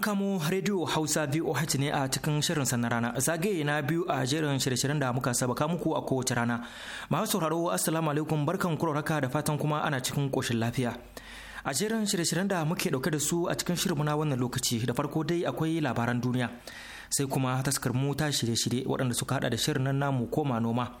An kamo rediyo Hausa VOH ne a cikin shirin na rana zagaye na biyu a jerin shirye-shiryen da muka sabaka muku a kowace rana. Masu sauraro Assalamu alaikum barkan kuraraka da fatan kuma ana cikin koshin lafiya. A jerin shirye-shiryen da muke dauke da su a cikin shirin na wannan lokaci da farko dai akwai labaran duniya. sai kuma taskar mota shirye-shirye waɗanda suka hada da shirin nan namu koma noma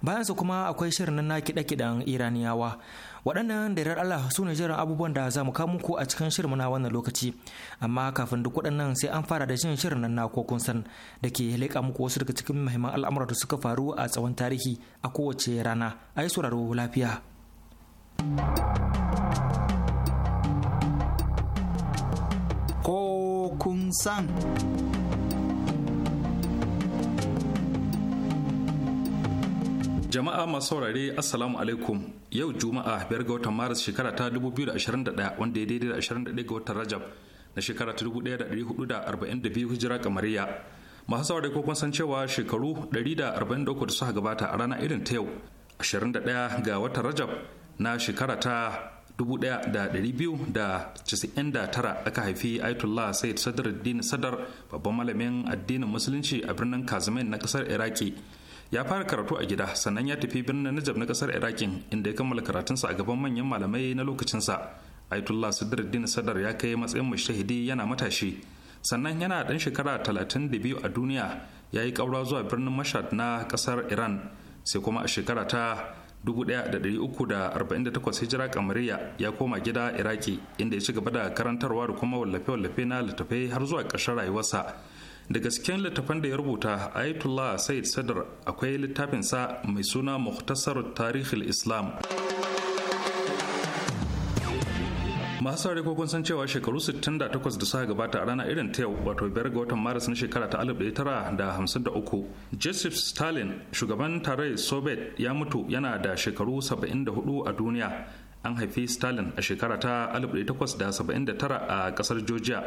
bayan su kuma akwai shirin nan na iraniyawa waɗannan da yarar Allah su ne jiran abubuwan da za mu kawo muku a cikin shirin na wannan lokaci amma kafin duk waɗannan sai an fara da jin shirin nan na kun san da ke leƙa muku wasu daga cikin muhimman al'amuran da suka faru a tsawon tarihi a kowace rana a yi sauraro lafiya. ko kun san. Jama'a masu saurare Assalamu alaikum yau Juma'a biyar ga watan Maris shekara ta 2021 wanda ya daidai da 21 ga watan Rajab na shekara ta 1442 hijira kamariya. Masu saurare ko kun san cewa shekaru 143 da suka gabata a rana irin ta yau 21 ga watan Rajab na shekara ta 1299 aka haifi Ayatollah Said Sadar babban malamin addinin musulunci a birnin Kazamin na kasar Iraki. ya fara karatu a gida sannan ya tafi birnin najab na kasar irakin inda ya kammala karatunsa a gaban manyan malamai na lokacinsa aitullah sadruddin sadar ya kai matsayin mashahidi yana matashi sannan yana dan shekara 32 a duniya ya yi kaura zuwa birnin mashad na kasar iran sai kuma a shekara ta 1348 hijira kamariya ya koma gida iraki inda ya ci gaba da karantarwa da kuma wallafe-wallafe na littattafai har zuwa ƙarshen rayuwarsa da gasken littafan da ya rubuta ayatollah said sadar akwai littafinsa mai suna muhtasar tarihil islam masu saurari ko kun san cewa shekaru 68 da suka gabata a rana irin ta yau wato biyar ga watan maris na shekara ta 1953 joseph stalin shugaban tarayyar soviet ya mutu yana da shekaru 74 a duniya an haifi stalin a shekara ta 1879 a kasar georgia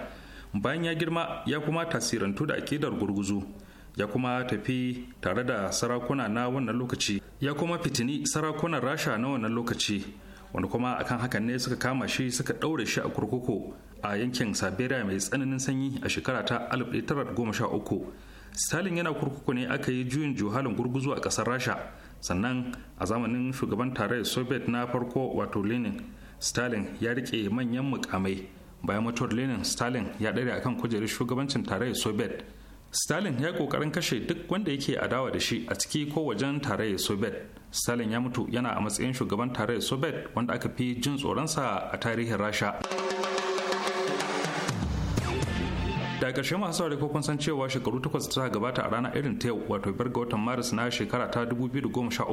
bayan ya girma ya kuma tasirantu da akidar gurguzu ya kuma tafi tare da sarakuna na wannan lokaci ya kuma fitini sarakunan rasha na wannan lokaci wanda kuma akan hakan ne suka kama shi suka ɗaure shi a kurkuku a yankin siberia mai tsananin sanyi a shekara ta 1913 stalin yana kurkuku ne aka yi juyin juhalin gurguzu a ƙasar rasha sannan a zamanin shugaban tarayyar soviet na farko wato lenin stalin ya rike manyan mukamai bayan mutuwar lenin stalin ya ɗare akan kujerar shugabancin tarayyar soviet stalin ya kokarin kashe duk wanda yake adawa da shi a ciki ko wajen tarayyar soviet stalin ya mutu yana a matsayin shugaban tarayyar soviet wanda aka fi jin tsoronsa a tarihin rasha da ƙarshe masu saurari ko kun san cewa shekaru takwas ta gabata a rana irin ta yau wato bar ga watan maris na shekara ta 2013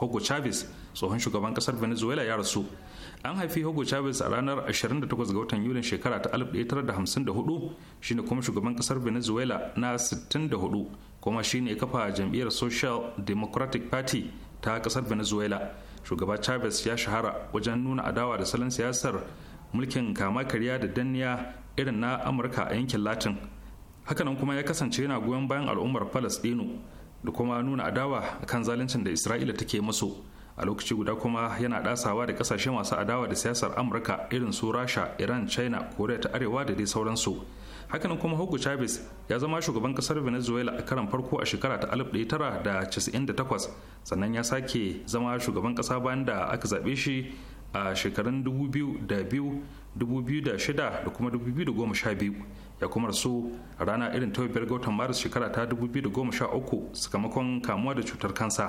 hugo chavez tsohon shugaban ƙasar venezuela ya rasu an haifi hugo chavez a ranar 28 ga watan yulin shekara ta 1954 shine kuma shugaban ƙasar venezuela na 64 kuma shine kafa jam'iyyar social democratic party ta kasar venezuela shugaba chavez ya shahara wajen nuna adawa da salon siyasar mulkin kama karya da danniya irin na amurka a yankin latin hakanan kuma ya kasance yana goyon bayan al'ummar palestino da kuma nuna adawa kan zaluncin da isra'ila take musu a lokaci guda kuma yana dasawa da kasashe masu adawa da siyasar amurka irin su rasha iran china korea ta arewa da dai sauransu hakanan kuma hugo chavez ya zama shugaban kasar venezuela a karan farko a shekara ta 1998 sannan ya sake zama shugaban kasa bayan da aka zaɓe shi a shekarun 2002 2006 da kuma 2012 ya kuma rasu a rana irin ta biyar ga watan maris shekara ta 2013 sakamakon kamuwa da cutar kansa.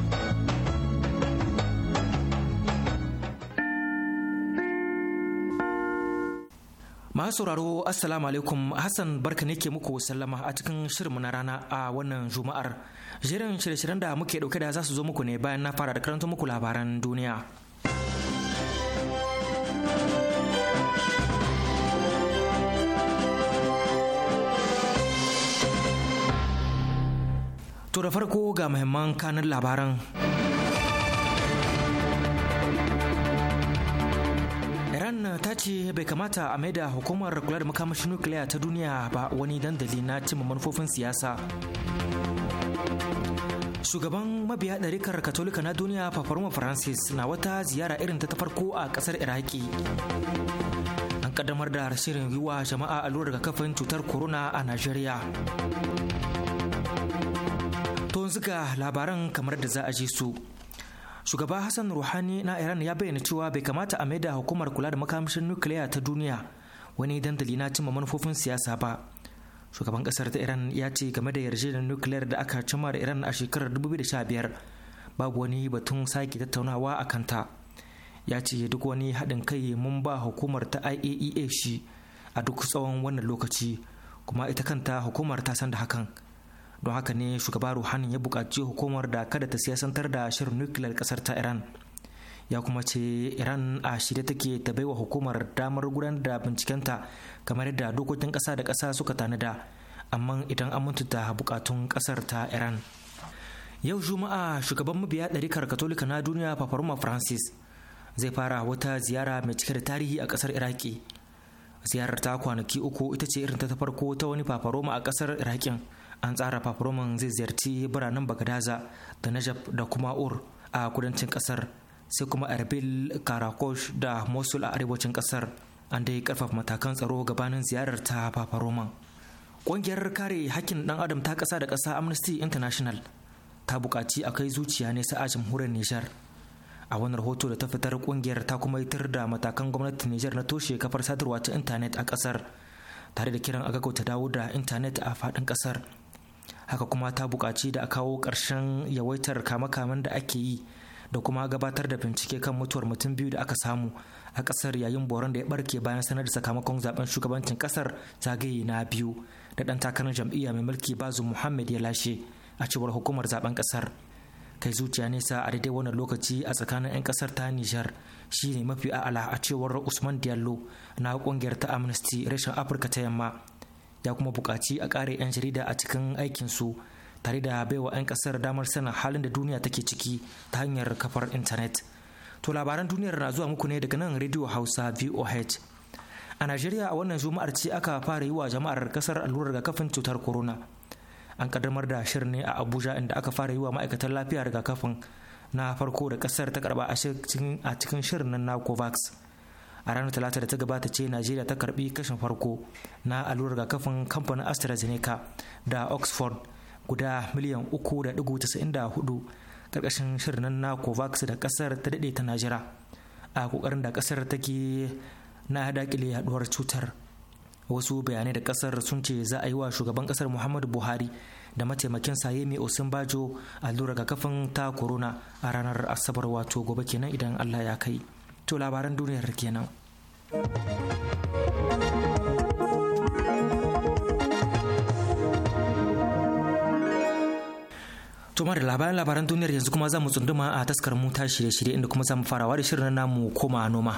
Masu sauraro Assalamu alaikum Hassan barka ne ke muku sallama a cikin shirinmu na rana a wannan Juma'ar. Jerin shirye-shiryen da muke dauke da za su zo muku ne bayan na fara da karanta muku labaran duniya. To da farko ga muhimman kanin labaran. amurka ta ce bai kamata a maida hukumar kula da makamashin nukiliya ta duniya ba wani dandali na cimma manufofin siyasa shugaban mabiya ɗarikar katolika na duniya paparoma francis na wata ziyara irin ta farko a ƙasar iraki an kaddamar da shirin yiwa jama'a allurar kafin cutar corona a Najeriya. to yanzu labaran kamar da za a ji su shugaba hassan ruhani na iran ya bayyana cewa bai kamata a maida hukumar kula da makamashin nukiliya ta duniya wani dandali na cimma manufofin siyasa ba shugaban kasar ta iran ya ce game da yarjejeniyar nukiliyar da aka cimma da iran a shekarar 2015 babu wani batun sake tattaunawa a kanta ya ce duk wani haɗin kai mun ba hukumar ta iaea e shi a duk tsawon wannan lokaci kuma ita kanta hukumar ta san da hakan don haka ne shugaba ruhanin ya buƙaci hukumar da kada ta siyasantar da shirin nukiliyar ƙasar ta iran ya kuma ce iran a shirye take ta baiwa hukumar damar gudanar da bincikenta kamar yadda dokokin ƙasa da ƙasa suka tanada amma idan an mutunta bukatun ƙasar ta iran yau juma'a shugaban mabiya ɗarikar katolika na duniya paparoma francis zai fara wata ziyara mai cike da tarihi a ƙasar iraki ziyarar ta kwanaki uku ita ce irin ta farko ta wani fafaroma a ƙasar irakin an tsara fafuroman zai ziyarci biranen bagadaza da najaf da kuma ur a kudancin kasar sai kuma erbil karakosh da mosul a arewacin kasar an dai karfafa matakan tsaro gabanin ziyarar ta fafuroman ƙungiyar kare hakkin ɗan adam ta ƙasa da ƙasa amnesty international ta buƙaci a kai zuciya ne a jamhuriyar nijar a wani rahoto da ta fitar ƙungiyar ta kuma yitar da matakan gwamnatin nijar na toshe kafar sadarwa ta intanet a ƙasar tare da kiran agago ta dawo da intanet a faɗin ƙasar haka kuma ta buƙaci da a kawo ƙarshen yawaitar kame-kamen da ake yi da kuma gabatar da bincike kan mutuwar mutum biyu da aka samu a ƙasar yayin boron da ya barke bayan sanar da sakamakon zaben shugabancin ƙasar zagaye na biyu da ɗan takarar jam'iyya mai mulki bazu muhammad ya lashe a cewar hukumar zaben ƙasar kai zuciya nesa a daidai wannan lokaci a tsakanin 'yan ƙasar ta nijar shine mafi a'ala a cewar usman diallo na ƙungiyar ta amnesty reshen afirka ta yamma ya kuma buƙaci a ƙare 'yan jarida a cikin aikinsu tare da baiwa 'yan ƙasar damar sanin halin da duniya take ciki ta hanyar kafar intanet to labaran duniyar na zuwa muku ne daga nan radio hausa voh a najeriya a wannan juma'ar ce aka fara yi wa jama'ar kasar allurar rigakafin cutar corona an kaddamar da shirin ne a abuja inda aka fara yi wa ma'aikatan lafiya rigakafin na farko da kasar ta karba a cikin shirin na covax a ranar talata da ta gabata ce najeriya ta karbi kashin farko na allurar kafin kamfanin astrazeneca da oxford guda miliyan 3.94 karkashin shirin na covax da kasar ta dade ta najira a kokarin da kasar take na dakile yaduwar cutar wasu bayanai da kasar sun ce za a yi wa shugaban kasar muhammadu buhari da mataimakin saye mai osin bajo allurar rigakafin ta corona a ranar asabar wato gobe kenan idan allah ya kai to labaran duniyar kenan tumar da labaran labaran duniyar yanzu kuma za mu tsunduma a taskar mu ta shirye-shirye inda kuma za mu farawa da shirin namu koma noma.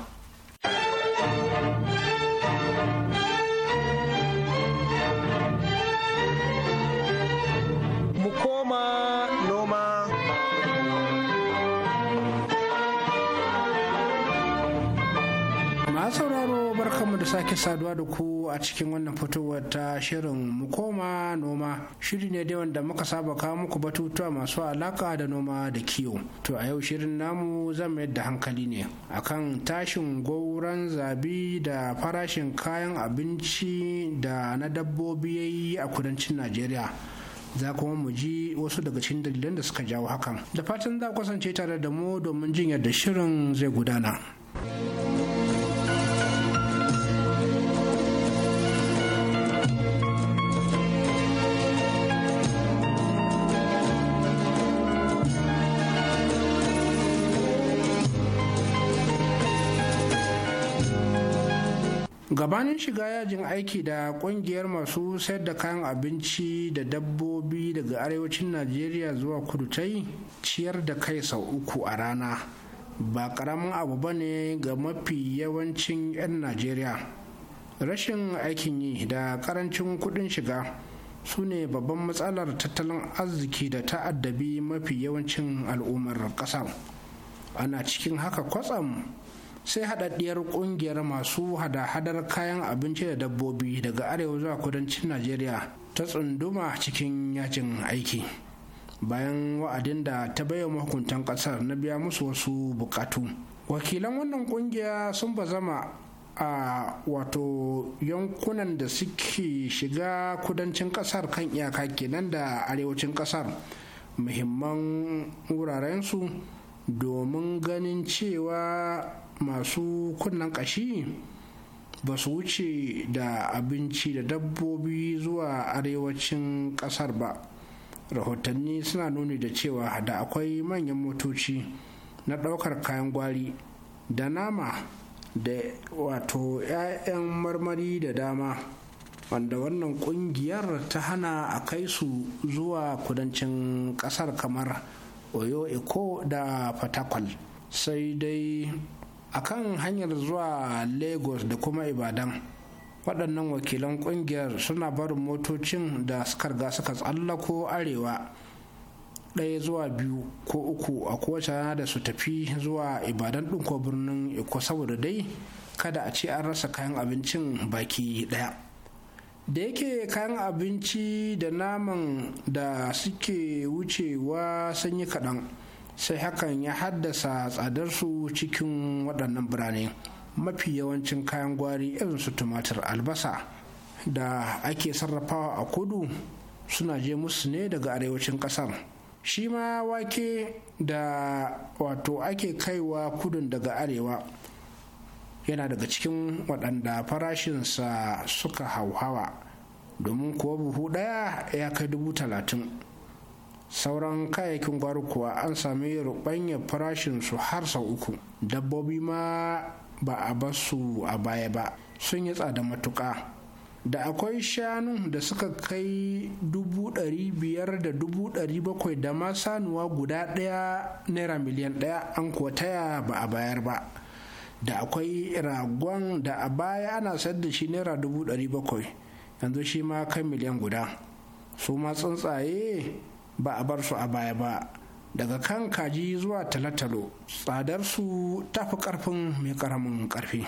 sauraro barkanmu da sake saduwa da ku a cikin wannan fitowar ta shirin mu koma noma shiri ne da wanda muka saba kawo muku batutuwa masu alaka da noma da kiwo to a yau shirin namu zan mayar da hankali ne akan tashin gwauran zabi da farashin kayan abinci da na dabbobi yayi a kudancin najeriya za kuma mu ji wasu daga cikin dalilan da suka jawo hakan da fatan za ku kasance tare da mu domin jin yadda shirin zai gudana. gabanin shiga yajin aiki da kungiyar masu sayar da kayan abinci da dabbobi daga arewacin najeriya zuwa kudu ta yi ciyar da kai sau uku a rana ba karamin abu ba ne ga mafi yawancin 'yan najeriya rashin aikin yi da karancin kudin shiga su ne babban matsalar tattalin arziki da ta'addabi mafi yawancin al'ummar ƙasa ana cikin haka kwatsam sai haɗaɗɗiyar ƙungiyar masu hada-hadar kayan abinci da dabbobi daga arewa zuwa kudancin najeriya ta tsunduma cikin yajin aiki bayan wa'adin da ta baiwa mahukuntan ƙasar na biya musu wasu buƙatu wakilan wannan ƙungiya sun bazama a wato yankunan da suke shiga kudancin ƙasar kan iyaka kenan da arewacin ƙasar muhimman wurarensu domin ganin cewa masu kunnen ƙashi ba su wuce da abinci da dabbobi zuwa arewacin ƙasar ba rahotanni suna nuni da cewa da akwai manyan motoci na ɗaukar kayan gwari da nama da wato 'ya'yan marmari da dama wanda wannan kungiyar ta hana a kai su zuwa kudancin kasar kamar oyo eko da fatakwal sai dai a kan hanyar zuwa lagos da kuma ibadan waɗannan wakilan ƙungiyar suna barin motocin da suka riga suka tsallako arewa ɗaya zuwa biyu ko uku a kowace rana da su tafi zuwa ibadan ɗin ko birnin iko saboda dai kada a ce an rasa kayan abincin baki ɗaya da yake kayan abinci da naman da suke wucewa sun yi kaɗan sai hakan ya haddasa tsadar su cikin waɗannan birane mafi yawancin kayan gwari irin su tumatir albasa da ake sarrafawa a kudu suna je musu ne daga arewacin ƙasar shi ma wake da wato ake kaiwa kudun daga arewa yana daga cikin waɗanda farashinsa suka hauhawa domin kuwa buhu ɗaya ya kai dubu talatin sauran kayayyakin gwari kuwa an sami rubanya farashin su har sau uku dabbobi ma ba a basu a baya ba sun yi tsada matuƙa da akwai shanu da suka kai dubu ɗari biyar da dubu ɗari bakwai da ma sanuwa guda ɗaya naira miliyan ɗaya an kuwa taya ba a bayar ba da akwai ragon da a baya ana sayar da shi naira dubu ɗari bakwai yanzu shi ma kai miliyan guda su ma tsuntsaye ba a bar su a baya ba daga kan kaji zuwa talatalo tsadarsu ta fi karfin mai karamin karfi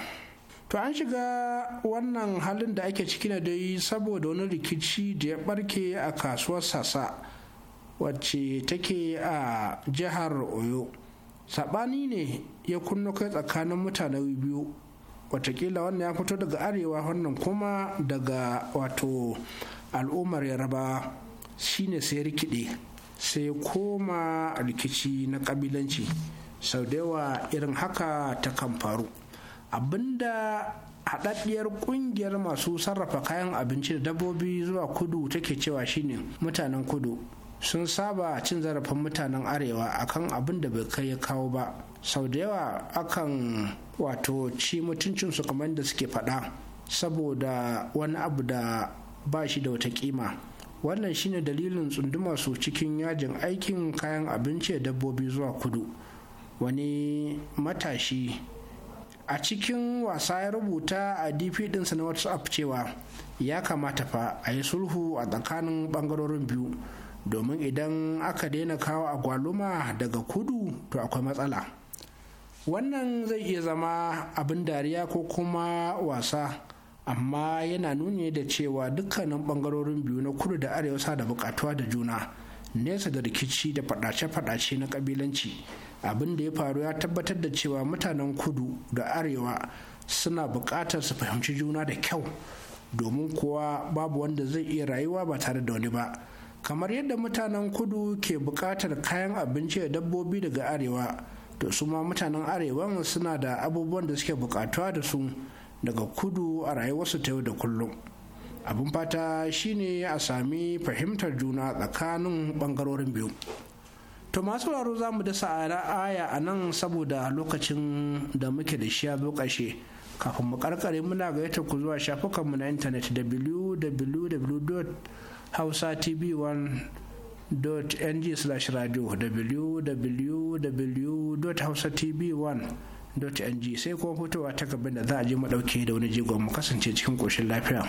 to an shiga wannan halin da ake ciki na dai saboda wani rikici da ya barke a kasuwar sasa wacce take a jihar oyo saɓani ne ya kunno kai tsakanin mutane biyu watakila wannan ya fito daga arewa wannan kuma daga wato al'ummar yaraba shine sai rikide sai koma rikici na kabilanci sau da yawa irin haka ta kan faru abinda haɗaɗɗiyar ƙungiyar masu sarrafa kayan abinci da dabbobi zuwa kudu take cewa shine mutanen kudu sun saba cin zarafin mutanen arewa akan abin da bai kai ya kawo ba sau da yawa akan wato ci su kamar da suke faɗa saboda wani abu da ba shi da wata kima wannan shine dalilin tsunduma su cikin yajin aikin kayan abinci da dabbobi zuwa kudu wani matashi a cikin wasa ya rubuta a dp dinsa na whatsapp cewa ya kamata fa a yi sulhu a tsakanin bangarorin biyu domin idan aka daina kawo agwaluma daga kudu to akwai matsala wannan zai iya zama abin dariya ko kuma wasa amma yana nuni da cewa dukkanin bangarorin biyu na kudu da arewa sa da bukatuwa da juna nesa da rikici da fadace-fadace na kabilanci abin da ya faru ya tabbatar da cewa mutanen kudu da arewa suna bukatar su fahimci juna da kyau domin kuwa babu wanda zai iya rayuwa ba tare da wani ba kamar yadda mutanen kudu ke bukatar kayan abinci da dabbobi daga arewa to su ma mutanen arewan suna da abubuwan da suke bukatuwa da su daga kudu a rayuwarsu ta yau da kullum abin fata shine a sami fahimtar juna tsakanin bangarorin biyu to masu raro za mu dasa a aya a nan saboda lokacin da muke da shi ya zo ƙashe kafin mu karkare muna gayyata ku zuwa shafukanmu na intanet www.hausatv1.ng/radio wwwhausatv 1 ng sai kuma fitowa ta gaban da za a je mu da wani jigon mu kasance cikin koshin lafiya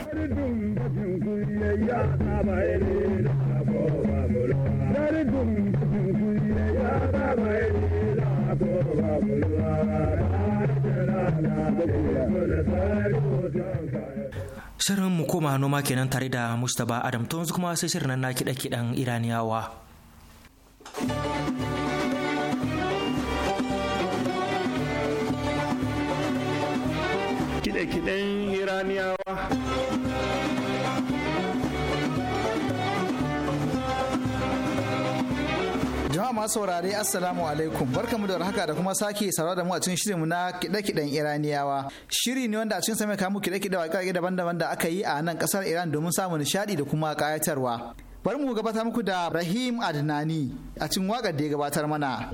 Sirrin mu koma noma kenan tare da mustaba Adam Tunzu kuma sai shirin na kiɗa-kiɗan Iraniyawa. kiɗe-kiɗen iraniyawa jama'a masu saurare assalamu alaikum barkamu da haka da kuma sake saurara da mu a cikin shirinmu na kiɗe-kiɗen iraniyawa shiri ne wanda a cikin sami kamu kiɗe-kiɗe waƙaƙe daban-daban da aka yi a nan kasar iran domin samun nishaɗi da kuma kayatarwa bari mu gabatar muku da rahim adnani a cikin wakar da ya gabatar mana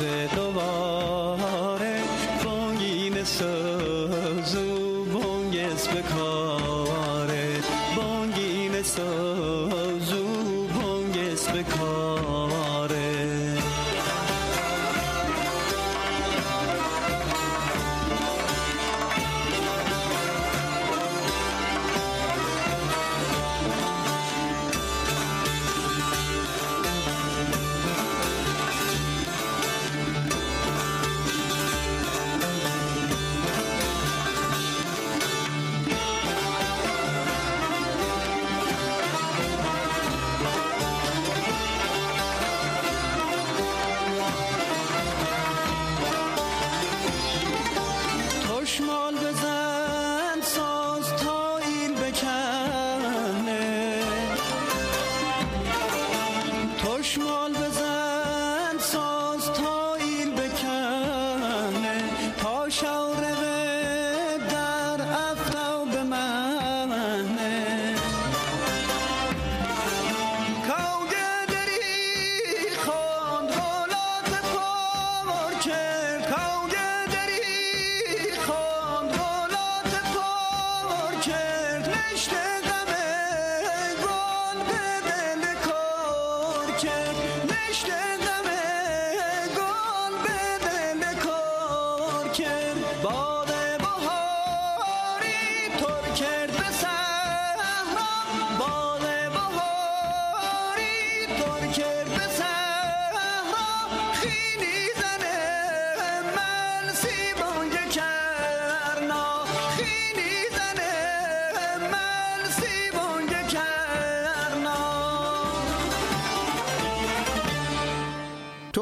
is it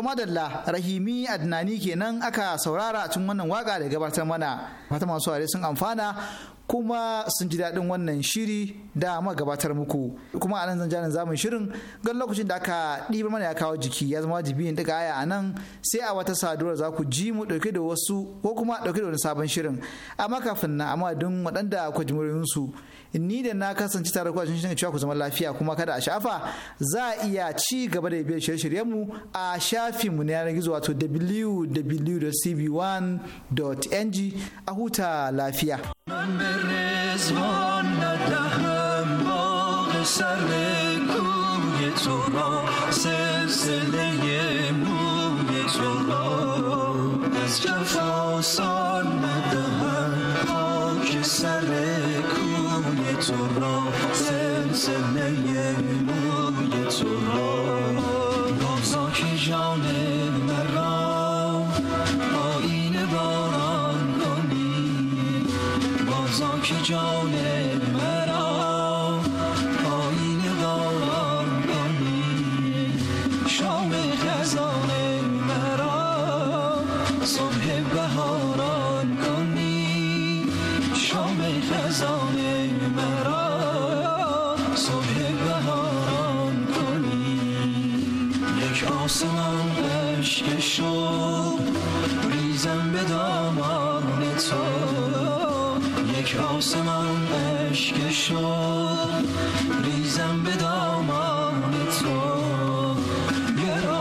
madalla rahimi adnani kenan aka saurara a cikin wannan waka da gabatar mana fata masu ware sun amfana kuma sun ji daɗin wannan shiri da ma gabatar muku kuma anan zan janin zamun shirin gan lokacin da aka ɗibar mana ya kawo jiki ya zama wajibi in daga aya a sai a wata saduwar za ku ji mu ɗauke da wasu ko kuma ɗauke da wani sabon shirin amma kafin na amma don waɗanda ku ni da na kasance tare kuwa a cikin cewa ku zama lafiya kuma kada a shafa za a iya ci gaba da biyar shirye mu a shafin mu na yanar gizo wato www.cb1.ng a huta lafiya. سر a تو را سلسله zorro, sen sevmeyen bu yet zorro.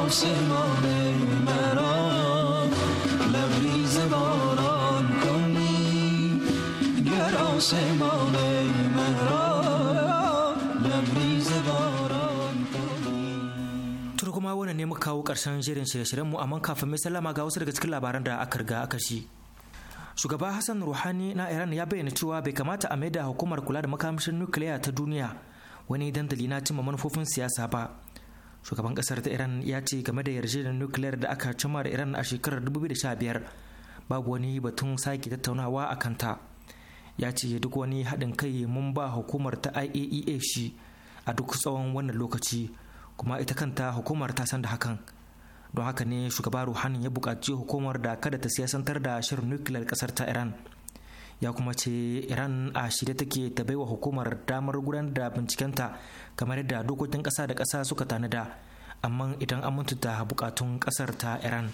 Tun kuma wannan ne muka kawo karshen jerin shirye mu amma kafin mai sallama ga wasu daga cikin labaran da aka riga aka shi. shugaba hassan ruhani na iran ya bayyana cewa bai kamata a maida hukumar kula da makamashin nukiliya ta duniya wani dandali na cimma manufofin siyasa ba shugaban kasar ta iran ya ce game da yarjejeniyar nukiliyar da aka cimma da iran a shekarar 2015 babu wani batun sake tattaunawa a kanta ya ce duk wani haɗin kai mun ba hukumar ta iaea e shi a duk tsawon wannan lokaci kuma ita kanta hukumar ta san da hakan don haka ne shugaba ruhani ya buƙaci hukumar da kada ta siyasantar da shirin nukiliyar kasar ta iran ya kuma ce iran a shirye take ta baiwa hukumar damar gudanar da bincikenta kamar yadda dokokin kasa da kasa suka tanada amma idan an mutunta bukatun kasar ta iran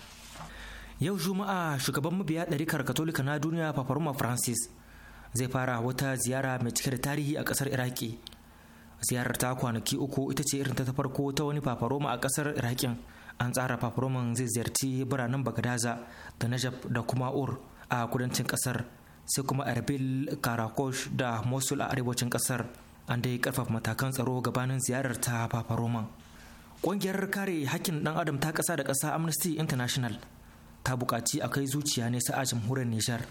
yau juma'a shugaban mabiya ɗarikar katolika na duniya paparoma francis zai fara wata ziyara mai cike da tarihi a kasar iraki ziyarar ta kwanaki uku ita ce irin ta farko ta wani paparoma a kasar irakin an tsara paparoman zai ziyarci biranen bagadaza da najaf da kuma ur a kudancin kasar. sai kuma erbil karakosh da mosul a arewacin kasar an dai karfafa matakan tsaro gabanin ziyarar ta papa roman ƙungiyar kare hakkin ɗan adam ta ƙasa da ƙasa amnesty international ta buƙaci a kai zuciya ne a jamhuriyar nijar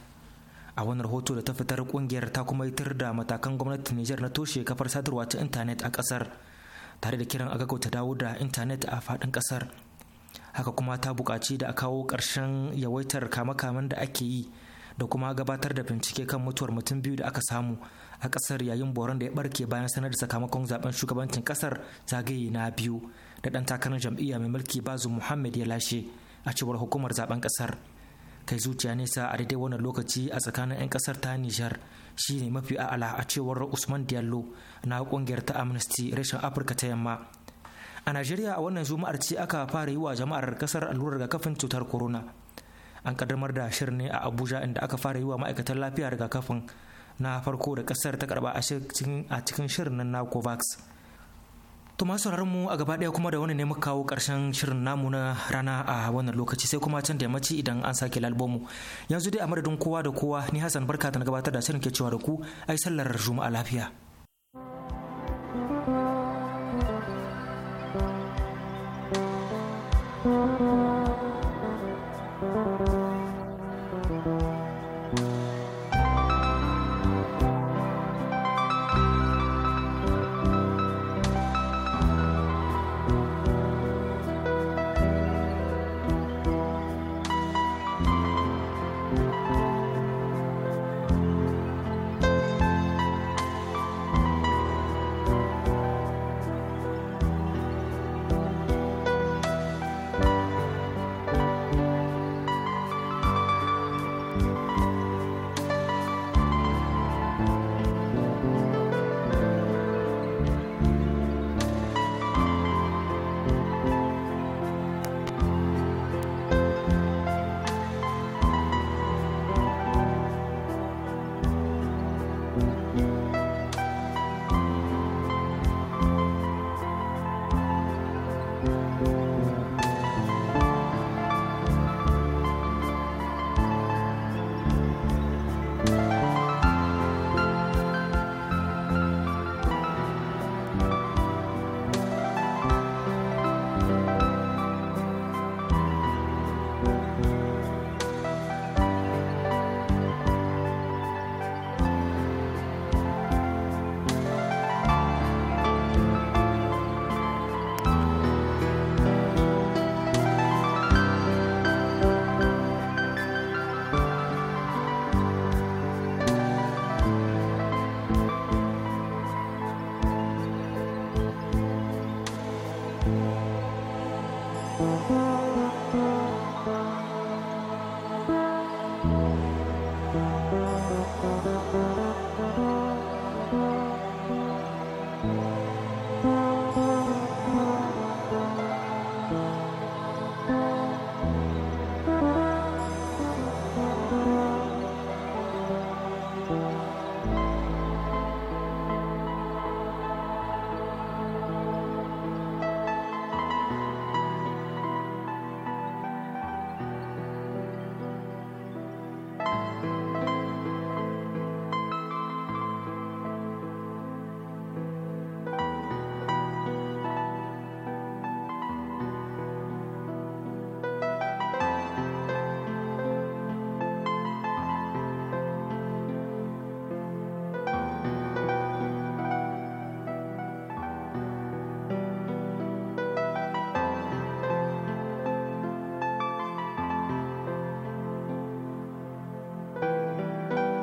a wani rahoto da ta fitar ƙungiyar ta kuma yitar da matakan gwamnatin nijar na toshe kafar sadarwa ta intanet a ƙasar tare da kiran a ta dawo da intanet a faɗin ƙasar haka kuma ta buƙaci da a kawo ƙarshen yawaitar kame kaman da ake yi da kuma gabatar da bincike kan mutuwar mutum biyu da aka samu a kasar yayin boron da ya barke bayan sanar da sakamakon zaben shugabancin kasar zagaye na biyu da dan takarar jam'iyya mai mulki bazu muhammad ya lashe a cewar hukumar zaben kasar kai zuciya nesa a daidai wannan lokaci a tsakanin 'yan kasar ta nijar shi ne mafi a'ala a cewar usman diallo na kungiyar ta amnesty reshen afirka ta yamma a najeriya a wannan juma'ar ce aka fara yi wa jama'ar kasar allurar kafin cutar corona an kaddamar da shirin ne a abuja inda aka fara yi wa ma'aikatan lafiya rigakafin na farko da kasar ta karba a cikin shirin nan na covax to masu mu a gaba daya kuma da wani ne muka kawo karshen shirin namu na rana a wannan lokaci sai kuma can da yammaci idan an sake lalbomu yanzu dai a madadin kowa da kowa ni hassan barka ta na gabatar da shirin ke cewa da ku ai sallar juma'a lafiya